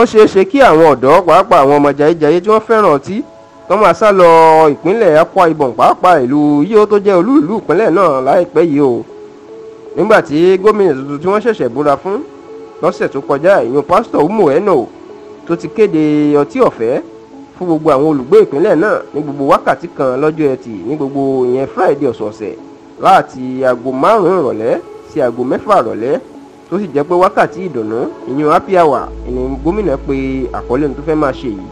ó ṣeé ṣe kí àwọn ọ̀dọ́ pàápàá àwọn ọmọ jayéjayé tí wọ́n fẹ́ràn ọtí tó máa sá lọ ìpínlẹ̀ Akwa Ibom pàápàá ìlú yíò tó jẹ́ olú ìlú ìpínlẹ̀ náà láìpẹ́ yìí o nígbà tí gómìnà tuntun tí wọ́n ṣẹ̀ṣẹ̀ búra fún lọ́sẹ̀ tó kọjá ìyún pásítọ̀ Umo Eno tó ti kéde ọtí ọ̀fẹ́ fún gbogbo àwọn olùgbé ìpínlẹ̀ náà ní gbogbo wákàtí kan lọ́jọ́ ẹtì ní gbogbo ìyẹn Friday ọ̀sọ̀ọ̀sẹ̀ láti aago márùn-ún ìrọ̀lẹ́ sí aago mẹ́fà ìrọ̀lẹ́ tó sì jẹ́ pé wákàtí ìdùnnú ìyẹn happy hour ni gómìnà pe àkọlé ohun tó fẹ́ máa ṣe yìí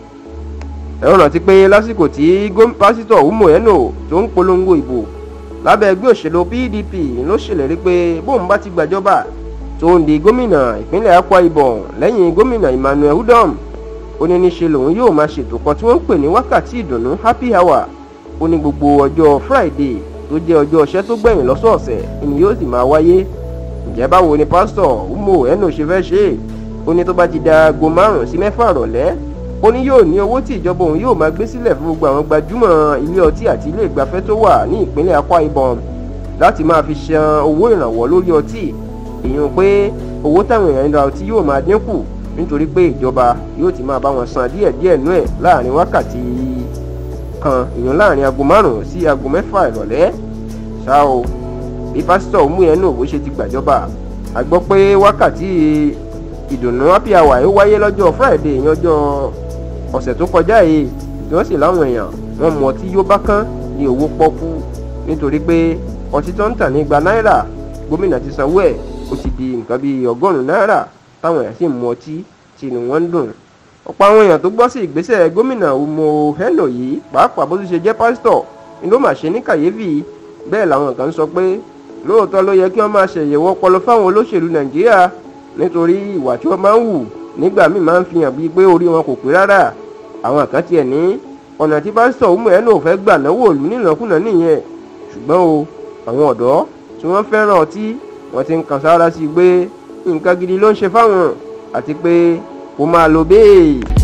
ẹ̀rọ ti pé lásìkò tí pásítọ̀ Umoeno tó ń polongo ìbò lábẹ́ ẹgbẹ́ òṣèlú PDP ló ṣèlérí pé bóun bá ti gbàjọba tó ń di gómìnà Akwa Ibom lẹ́yìn gómìnà Emmanuel Udom ó lòun yóò máa ṣètò kan tí wọ́n pè ní wákàtí ìdùnnú happy gbogbo ọjọ́ Friday tó jẹ́ ọjọ́ iṣẹ́ tó gbẹ̀yìn lọ́sọ̀ọ̀sẹ̀ ni yóò sì máa wáyé ǹjẹ́ báwo ni pásítọ̀ umo eno ṣe fẹ́ ṣe é ó ní tó bá ti da aago márùn sí mẹ́fà rọ̀lẹ́ ó ní yóò ní owó tí ìjọba òun yóò máa gbé sílẹ̀ fún gbogbo àwọn gbajúmọ̀ ilé ọtí àti ilé ìgbafẹ́ tó wà ní ìpínlẹ̀ Akwa Ibom láti máa fi san owó ìrànwọ́ lórí ọtí èèyàn pé owó táwọn èèyàn ń ra ọtí yóò máa dínkù nítorí pé ìjọba yóò ti máa bá wọn san díẹ̀díẹ̀ nú ẹ̀ láàrin wákàtí kan èèyàn láàrin aago márùn-ún sí aago mẹ́fà ìrọ̀lẹ́ ṣáá o bí pásítọ̀ Omuyenu Owo ṣe ti gbàjọba a gbọ́ pé wákàtí ìdùnnú happy hour ó wáyé lọ́jọ́ Friday ìyẹn ọjọ́ ọ̀sẹ̀ tó kọjá yìí tí wọ́n sì láwọn èèyàn wọn mu ọtí yó bá kán ní owó pọ́kú nítorí pé ọtí tó ń tà ní igba náírà gómìnà ti sanwó ẹ̀ ó ti di nǹkan bíi ọgọ́rùn-ún náírà táwọn èèyàn sì mu ọtí tí inú wọn ń dùn ọ̀pọ̀ àwọn èèyàn tó gbọ́ sí ìgbésẹ̀ gómìnà Omuyenu yìí pàápàá bó tún ṣe jẹ́ pásítọ̀ ni ló mà ṣe ní kàyéfì bẹ́ẹ̀ làwọn kan sọ pé lóòótọ́ ló yẹ kí wọ́n máa ṣèyẹ̀wò ọpọlọ fáwọn olóṣèlú nàìjíríà nítorí ìwà tí wọ́n máa ń wù nígbà míì máa ń fi hàn bíi pé orí wọn kò pé rárá àwọn kan tiẹ̀ ní ọ̀nà tí pásítọ̀ ọ̀húnmọ̀ ẹ̀ náà fẹ́ gbà náwó òlú nílòkulò nìyẹn ṣùgbọ́n o àwọn ọ̀dọ́ tí wọ́n fẹ́ràn ọtí wọ́n ti ń kàn sára sí i pé nǹkan gidi ló ń ṣe fáwọn àti pé kò máa lo béè.